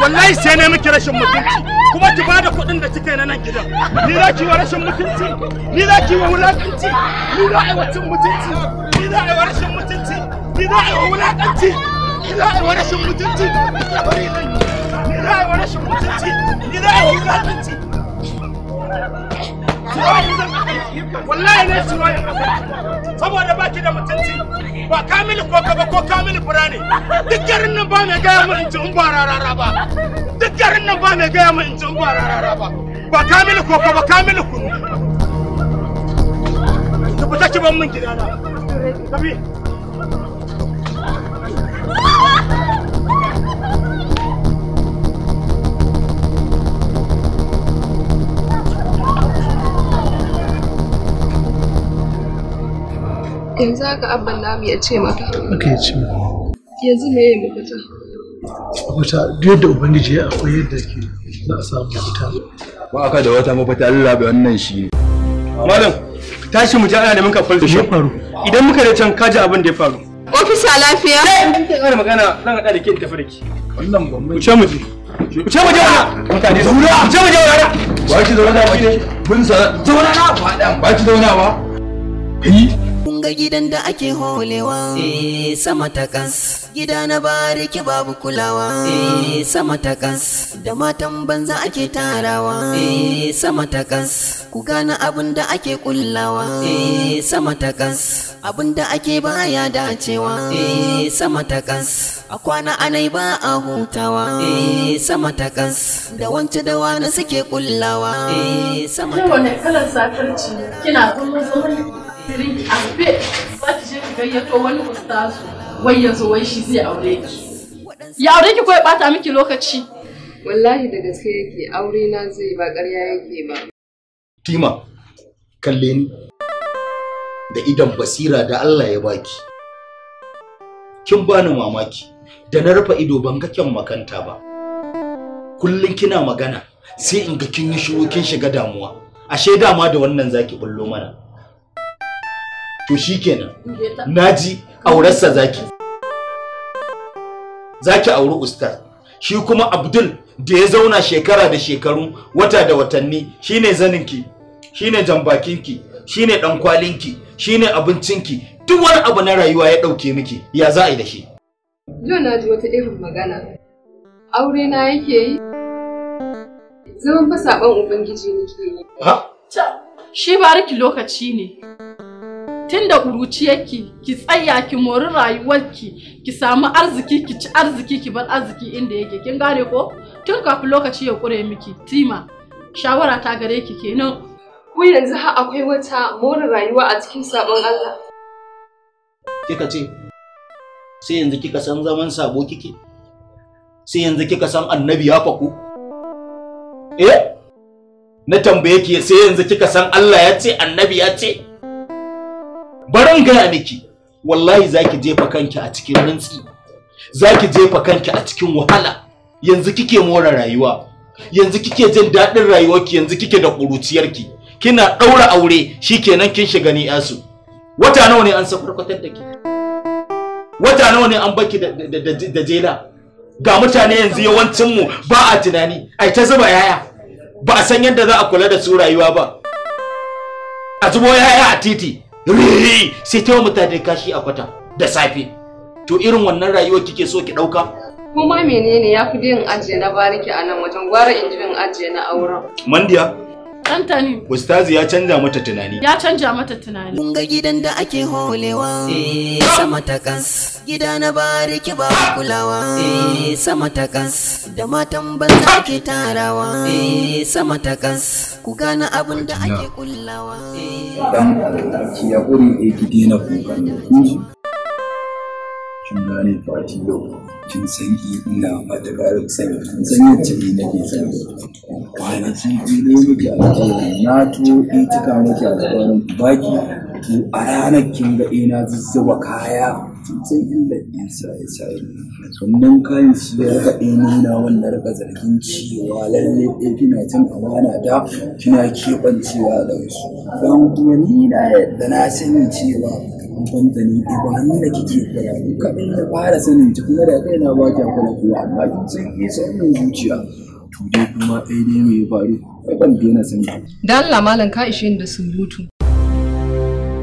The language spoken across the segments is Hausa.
wallahi sai ne miki rashin mutunci kuma ki bada kuɗin da kika na nan gidan ni za ki wa rashin mutunci ni za ki wa wulakanci ni za a wacin mutunci ni za a wa rashin mutunci ni za a wa wulakanci ni za a wa rashin mutunci ni za a wa rashin mutunci ni za a wa wallahi ne shi wayan saboda baki da mutunci ba kamilu ko ka ba ko kamilu fura ne duk garin nan ba mai gaya mu in ci in ba rarara ba duk garin nan ba mai gaya mu in ci in ba rarara ba ba kamilu ko kaba ba kamilu kunu ki fita ki ban min gidana tafi yanzu haka abban namu ya ce maka aka ya ce yanzu me ya mafita mafita duk yadda ubangiji ya akwai yadda ke za a samu mafita ba aka da wata mafita Allah bai wannan shi ne malam tashi mu je ana da muka shi faru idan muka da can kaji abin da ya faru ofisa lafiya sai eh, in kike kana magana zan hada da ke tafi da ki wannan gwamnati ku ce mu je ku ce mu je wa mutane zauna ku ce mu je wani ba ki zauna ba ki ne bin sa zauna na ba ki zauna ba Kun ga gidan da ake holewa eh sama takas gida na bariki babu kulawa eh sama takas da matan banza ake tarawa eh sama takas ku gane abin da ake kullawa eh sama takas abin da ake baya dacewa eh sama takas a kwana anai ba a hutawa eh sama takas da wance da wani suke kullawa eh sama takas kina Sirin ki je gayyato ya zai aure ki. Ya aure ki ko ya bata miki lokaci? Wallahi da gaske yake aure na zai ba ƙarya yake ba. Tima kalle da idan basira da Allah ya baki. Kin bani mamaki da na rufe ido ban ga kyan makanta ba. Kullum kina magana sai in ga kin yi shiru kin shiga damuwa. Ashe dama da wannan zaki bullo mana. to kenan. naji aurarsa zaki zaki auri ustaz shi kuma abdul da ya zauna shekara da shekaru wata da watanni shine zaninki shine jambakinki shine dan kwalinki shine abincinki duk wani abu na rayuwa ya dauke miki ya za a yi da shi yau na ji wata irin magana aure na yake yi zaman fa saban ubangiji nake yi ha shi riki lokaci ne tun da ƙuruciyarki ki tsaya ki mori rayuwarki ki samu arziki ki ci arziki ki bar arziki inda yake kin gane ko tun kafin lokaci ya ƙure miki tima shawara ta gare ki kenan ku yanzu ha akwai wata mori rayuwa a cikin sabon Allah kika ce sai yanzu kika san zaman sabo kike sai yanzu kika san annabi ya faku eh na tambaye ki sai yanzu kika san Allah ya ce annabi ya ce baran gaya miki wallahi zaki jefa kanki a cikin rintsi zaki jefa kanki a cikin wahala yanzu kike more rayuwa yanzu kike jin daɗin rayuwarki yanzu kike da ƙuruciyarki kina ɗaura aure shikenan kin shiga ni yasu wata nawa ne an safarkwatar da ki wata nawa ne an baki da jela ga mutane yanzu yawancinmu ba a tunani ai ta zuba yaya ba a san yadda za a kula da su rayuwa ba a zubo yaya a titi ri sai ta mutane kashi a kwata da safe to irin wannan rayuwar kike so ki dauka kuma menene ya fi din ajiye na bariki a nan wajen gwara injin in ajiye na auren mandiya Dantani. Ustazi ya canza mata tunani. Ya canza mata tunani. kun ga gidan da ake holewa. Eh. Sama ta kas. Gida na bariki ba kulawa. Eh. Sama ta kas. Da matan banza ke tarawa. Eh. Sama ta kas. Ku gana abin da ake kullawa. Dan ya kuri ke gidi na kin gane fati yau kin san ina matuƙar sani kin san yadda ni nake sani kwanaki ne muke alƙawari na to in cika muke alƙawarin baki to a ranar kin ga ina eh, zuzzuba kaya kin san inda isa ya sai wannan kayan shi ya rika ɗaya eh, na wanda rika zargin cewa lalle ɗaya eh, kina cin amana ta kina keɓancewa da wasu don kuma ni na yadda na sani cewa Eh, ba ibrahim da kike koya ku kaɗai na fara sanin ta kuma da kai na ba ki kula kuwa amma kin san ki sanin zuciya to dai kuma ɗaya ne mai faru kai ban daina sani. da Allah malam ka ishe ni da surutu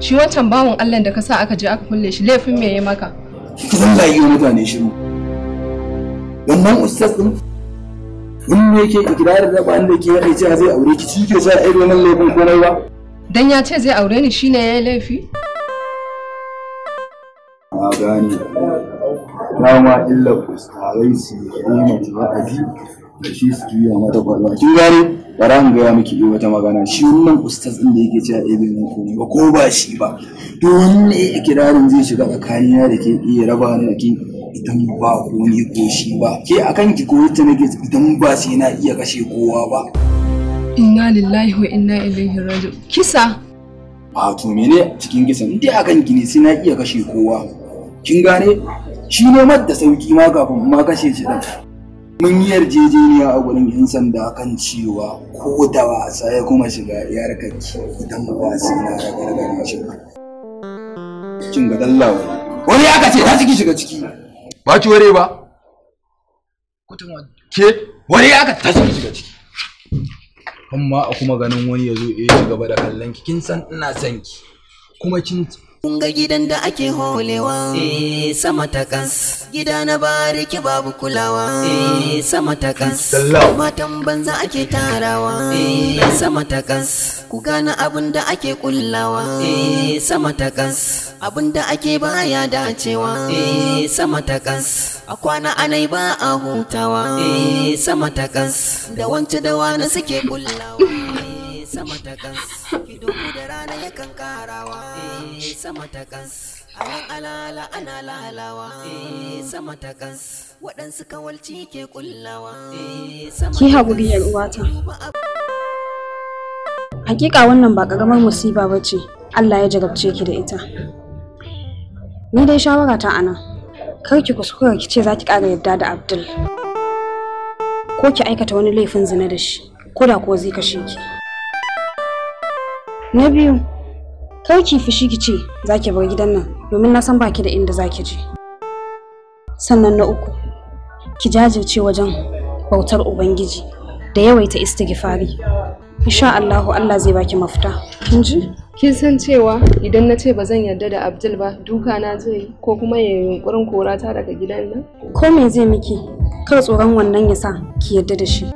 shi wancan bawan Allah da ka sa aka je aka kulle shi laifin me ya maka wallahi yau mutane shiru wannan ustaz ɗin, in ne yake ikirarin da ba da ke yaɗa cewa zai aure ki shi ke sa irin wannan laifin ko ba dan ya ce zai aure ni shine yi laifi na gane dama illa kustarai su yi mata wa'azi da shi su juya mata kwalwa kin gane ba za mu gaya miki yi wata magana shi wannan ustaz ɗin da yake cewa eh bai mun komai ba ko ba shi ba to wanne ikirarin zai shiga tsakanina da ke iya eh, raba ni da ke idan ba ko ni ko shi ba ke akan ki ko ta nake idan ba sai na iya kashe kowa ba inna lillahi wa inna ilaihi raji'un kisa a to mene cikin kisan dai akan ki ne sai na iya kashe kowa kin gane shi nomar da sauki ma kafin ma kashe shi ɗan mun yi yarjejeniya a gurin yan sanda kan cewa ko da wasa ya kuma shiga ya rika idan ba sai na ragargara shi ba kin ga dallawa wani aka ce ta ciki shiga ciki ba ci ware ba ke wani aka ta ciki shiga ciki Amma a kuma ganin wani ya zo ya ci gaba da kallon ki kin san ina son ki kuma kin Kun ga gidan da ake holewa eh, sama takas gida na bariki babu kulawa eh, sama takas matan banza ake tarawa eh, sama takas ku na abin da ake kullawa sama takas abin da ake baya dacewa sama takas a kwana anai ba a hutawa sama takas da wance da wani suke kullawa sama takas doku da rana kan karawa eh, sama ta kans alala ana lalawa eh. sama ta kans waɗansu kawalci ke kullawa eh, ki haƙuri yar uwata hakika wannan ba ƙaramar musiba ba ce Allah ya jarabce ki da ita ni dai shawara ta anan kar ki kuskura ki ce za ki ƙara yadda da Abdul ko ki aikata wani laifin zina da shi ko da kuwa zai kashe ki na biyu kar ki fushi ki ce za ki bar gidan nan domin na san baki da inda za ki je sannan na uku ki jajirce wajen bautar ubangiji da yawaita istighfari insha Allahu Allah zai baki mafita kin ji kin san cewa idan na ce ba zan yarda da Abdul ba duka na zai yi ko kuma ya yunkurin ta daga gidan nan ko me zai miki kar tsoron wannan ya sa ki yarda da shi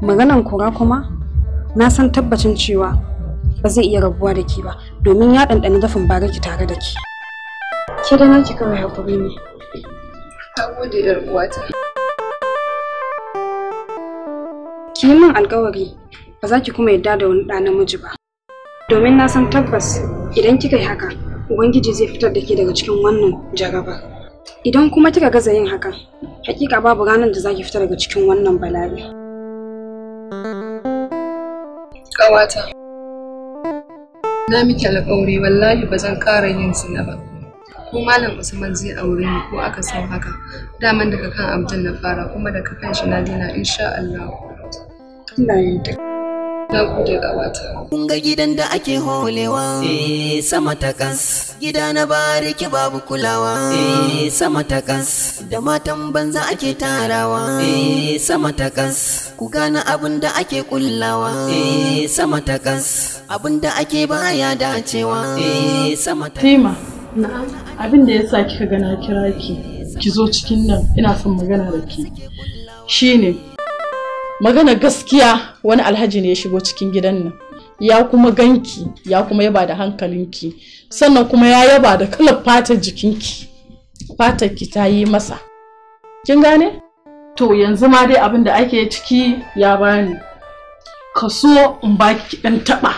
maganan kora kuma na san tabbacin cewa ba zai iya rabuwa da ke ba domin ya ɗanɗani dafin baraki tare da ke. Ke da naki kawai haƙuri ne. Ta Ki yi min alƙawari ba za ki kuma yarda da wani ɗa namiji ba. Domin na san tabbas idan kika yi haka Ubangiji zai fitar da ke daga cikin wannan jarabar. Idan kuma kika gaza yin haka, hakika babu ranar da za ki fita daga cikin wannan bala'i. Ƙawata. na miki alƙawari wallahi ba zan ƙara yin zina ba ko malam usman zai aure ni ko aka san haka daman daga kan abdul na fara kuma daga kan shi na dina insha Allah Allah ya Kunga Kun ga gidan da ake holewa. Eh sama takas. Gida na bariki babu kulawa. Eh sama takas. Da matan banza ake tarawa. Eh sama takas. Ku gana abin da ake kullawa. Eh sama takas. Abin da ake baya dacewa. Eh sama takas. Tima. Na'am. Abin da yasa kika gana kira ki. Ki zo cikin nan ina son magana da ki. Shine magana gaskiya wani alhaji ne ya shigo cikin gidan nan ya kuma ganki ya kuma yaba da hankalinki sannan kuma ya yaba da kalar fatar jikinki fatar ki ta yi masa kin gane to yanzu ma dai abin da ake ciki ya bani kaso in baki dan taba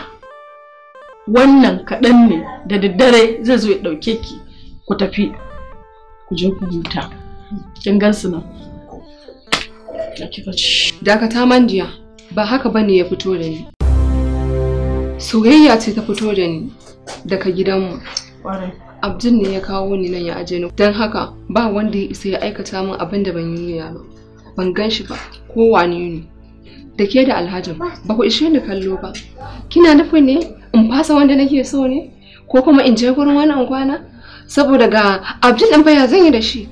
wannan kaɗan ne da daddare zai zo ya ɗauke ki ku tafi ku je ku huta kin gan su nan Dakata mandiya ba haka bane ya fito da ni. Soyayya ce ta fito da ni daga gidanmu. Abdul ne ya kawo ni nan ya aje ni. Don haka ba wanda ya isa ya aikata min abin da ban yi ba. Ban gan shi ba ko wane ne. Da ke da alhajin ba ku ishe ni kallo ba. Kina nufin ne in fasa wanda nake so ne? Ko kuma in je gurin wani kwana? Saboda ga Abdul ɗin baya zan yi da shi.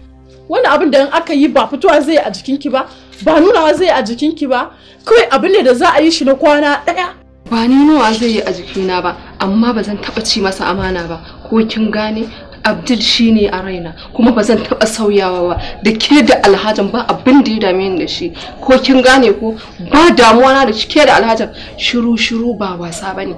Wani abin da in aka yi ba fitowa zai a jikinki ba ba nunawa zai a jikinki ba kawai abu ne da za a yi shi na kwana ɗaya ba ni nunawa zai yi a jikina ba amma ba zan taɓa ci masa amana ba ko kin gane abdul shine a raina kuma ba zan taɓa sauyawa ba da ke da alhaji ba abin da ya dame ni da shi ko kin gane ko ba damuwa na da ke da alhaji shiru shiru ba wasa ba ne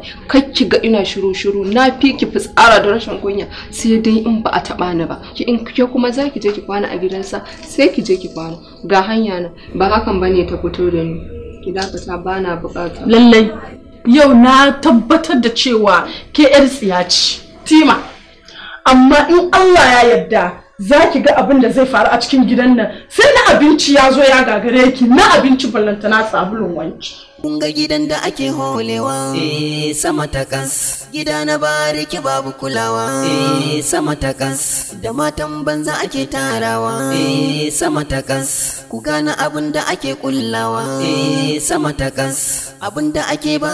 ki ga ina shiru shiru na fi ki fitsara da rashin kunya sai dai in ba a taɓa ni ba ki in ke kuma za ki je ki kwana a gidansa sai ki je ki kwana ga hanya na ba hakan ba ne ta fito da ni ki dakata ba na bukata lallai yau na tabbatar da cewa ke yar tsiya ce tima amma in Allah ya yarda za ki ga abin da zai faru a cikin gidan nan sai na abinci ya zo ya gagare ki na abinci ballantana sabulun wanki. Kun ga gidan da ake holewa eh, sama ta gida na bariki babu kulawa eh, sama ta da matan banza ake tarawa eh, sama ta ku gana abin da ake kullawa sama ta abin da ake ba